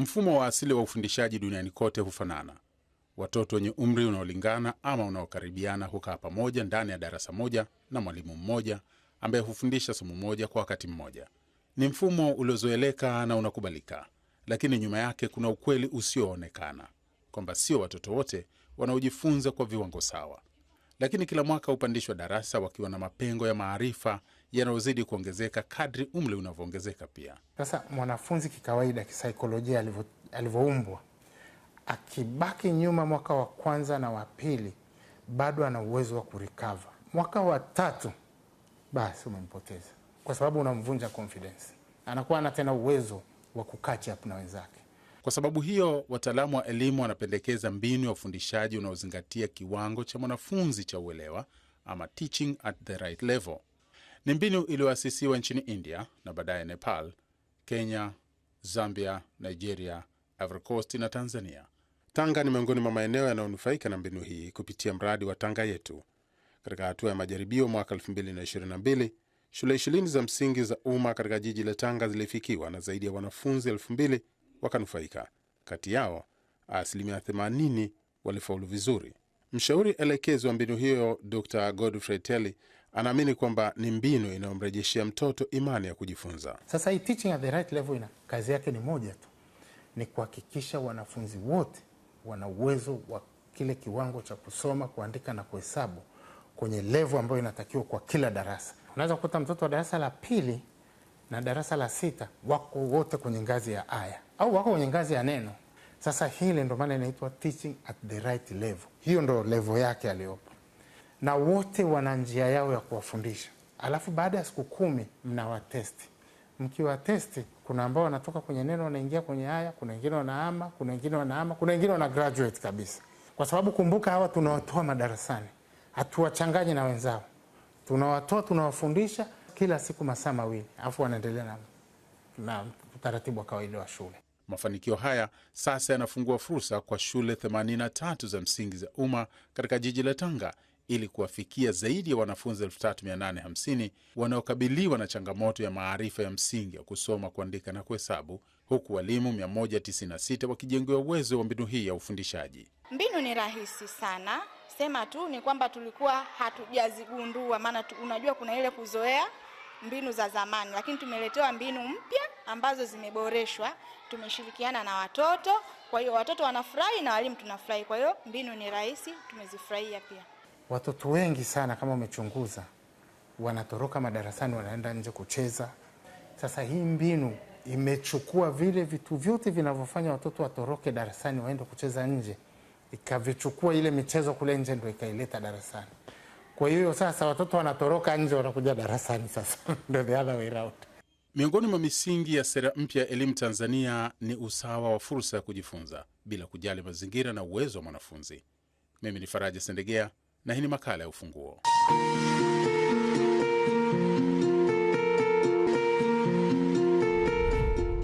Mfumo wa asili wa ufundishaji duniani kote hufanana. Watoto wenye umri unaolingana ama unaokaribiana hukaa pamoja ndani ya darasa moja na mwalimu mmoja ambaye hufundisha somo moja kwa wakati mmoja. Ni mfumo uliozoeleka na unakubalika, lakini nyuma yake kuna ukweli usioonekana kwamba sio watoto wote wanaojifunza kwa viwango sawa, lakini kila mwaka hupandishwa darasa wakiwa na mapengo ya maarifa yanayozidi kuongezeka kadri umri unavyoongezeka pia. Sasa mwanafunzi kikawaida, kisaikolojia alivyoumbwa, akibaki nyuma mwaka wa kwanza na wa pili, bado ana uwezo wa kurikava. Mwaka wa tatu, basi umempoteza, kwa sababu unamvunja confidence, anakuwa ana tena uwezo wa kukacha na wenzake. Kwa sababu hiyo, wataalamu wa elimu wanapendekeza mbinu ya ufundishaji unaozingatia kiwango cha mwanafunzi cha uelewa ama teaching at the right level. Ni mbinu iliyoasisiwa nchini India na baadaye Nepal, Kenya, Zambia, Nigeria, Ivory Coast na Tanzania. Tanga ni miongoni mwa maeneo yanayonufaika na mbinu hii kupitia mradi wa Tanga Yetu. Katika hatua ya majaribio mwaka 2022, shule ishirini za msingi za umma katika jiji la Tanga zilifikiwa na zaidi ya wanafunzi elfu wakanufaika. Kati yao asilimia 80 walifaulu vizuri. Mshauri elekezi wa mbinu hiyo Dr Godfrey telly anaamini kwamba ni mbinu inayomrejeshea mtoto imani ya kujifunza. Sasa hii teaching at the right level ina kazi yake ni moja tu, ni kuhakikisha wanafunzi wote wana uwezo wa kile kiwango cha kusoma, kuandika na kuhesabu kwenye levo ambayo inatakiwa kwa kila darasa. Unaweza kukuta mtoto wa darasa la pili na darasa la sita wako wote kwenye ngazi ya aya au wako kwenye ngazi ya neno. Sasa hili ndio maana inaitwa teaching at the right level. Hiyo ndo levo yake aliyopo na wote wana njia yao ya kuwafundisha. Alafu baada ya siku kumi mnawatesti. Mkiwatesti, kuna ambao wanatoka kwenye neno wanaingia kwenye haya, kuna wengine wanahama, kuna wengine wanahama, kuna wengine wana graduate kabisa, kwa sababu kumbuka, hawa tunawatoa madarasani, hatuwachanganyi na wenzao, tunawatoa tunawafundisha kila siku masaa mawili, alafu wanaendelea na, na utaratibu wa kawaida wa shule. Mafanikio haya sasa yanafungua fursa kwa shule 83 za msingi za umma katika jiji la Tanga ili kuwafikia zaidi ya wanafunzi 3850 wanaokabiliwa na changamoto ya maarifa ya msingi ya kusoma, kuandika na kuhesabu, huku walimu 196 wakijengewa uwezo wa mbinu hii ya ufundishaji. Mbinu ni rahisi sana, sema tu ni kwamba tulikuwa hatujazigundua, maana unajua kuna ile kuzoea mbinu za zamani, lakini tumeletewa mbinu mpya ambazo zimeboreshwa. Tumeshirikiana na watoto, kwa hiyo watoto wanafurahi na walimu tunafurahi. Kwa hiyo mbinu ni rahisi, tumezifurahia pia. Watoto wengi sana kama umechunguza, wanatoroka madarasani wanaenda nje kucheza. Sasa hii mbinu imechukua vile vitu vyote vinavyofanya watoto watoroke darasani waende kucheza nje, ikavichukua ile michezo kule nje ndo ikaileta darasani. Kwa hiyo sasa watoto wanatoroka nje wanakuja darasani sasa ndo the other way round. Miongoni mwa misingi ya sera mpya ya elimu Tanzania ni usawa wa fursa ya kujifunza bila kujali mazingira na uwezo wa mwanafunzi. Mimi ni Faraja Sendegea, na hii ni makala ya Ufunguo.